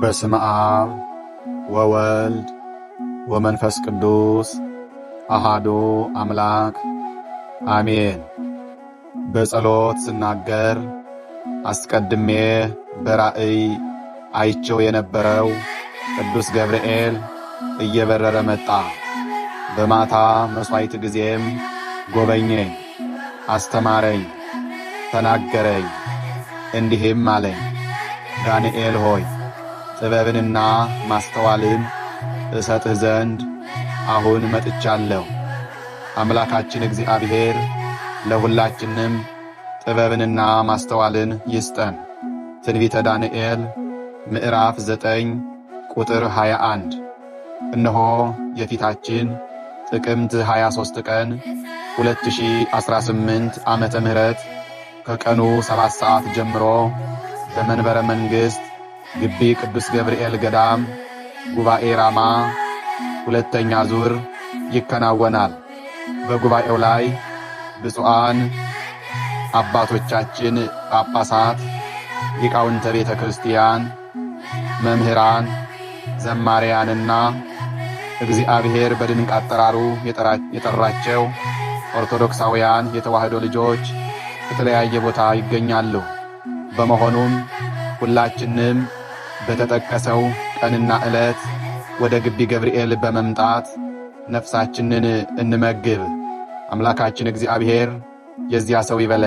በስም አብ ወወልድ ወመንፈስ ቅዱስ አሃዶ አምላክ አሜን። በጸሎት ስናገር አስቀድሜ በራእይ አይቸው የነበረው ቅዱስ ገብርኤል እየበረረ መጣ። በማታ መሥዋዕት ጊዜም ጎበኘኝ፣ አስተማረኝ፣ ተናገረኝ፣ እንዲህም አለኝ፦ ዳንኤል ሆይ ጥበብንና ማስተዋልን እሰጥህ ዘንድ አሁን መጥቻለሁ። አምላካችን እግዚአብሔር ለሁላችንም ጥበብንና ማስተዋልን ይስጠን። ትንቢተ ዳንኤል ምዕራፍ ዘጠኝ ቁጥር 21 እነሆ የፊታችን ጥቅምት 23 ቀን 2018 ዓመተ ምህረት ከቀኑ ሰባት ሰዓት ጀምሮ በመንበረ መንግሥት ግቢ ቅዱስ ገብርኤል ገዳም ጉባኤ ራማ ሁለተኛ ዙር ይከናወናል። በጉባኤው ላይ ብፁዓን አባቶቻችን ጳጳሳት፣ ሊቃውንተ ቤተ ክርስቲያን፣ መምህራን፣ ዘማርያንና እግዚአብሔር በድንቅ አጠራሩ የጠራቸው ኦርቶዶክሳውያን የተዋሕዶ ልጆች ከተለያየ ቦታ ይገኛሉ። በመሆኑም ሁላችንም በተጠቀሰው ቀንና ዕለት ወደ ግቢ ገብርኤል በመምጣት ነፍሳችንን እንመግብ። አምላካችን እግዚአብሔር የዚያ ሰው ይበለ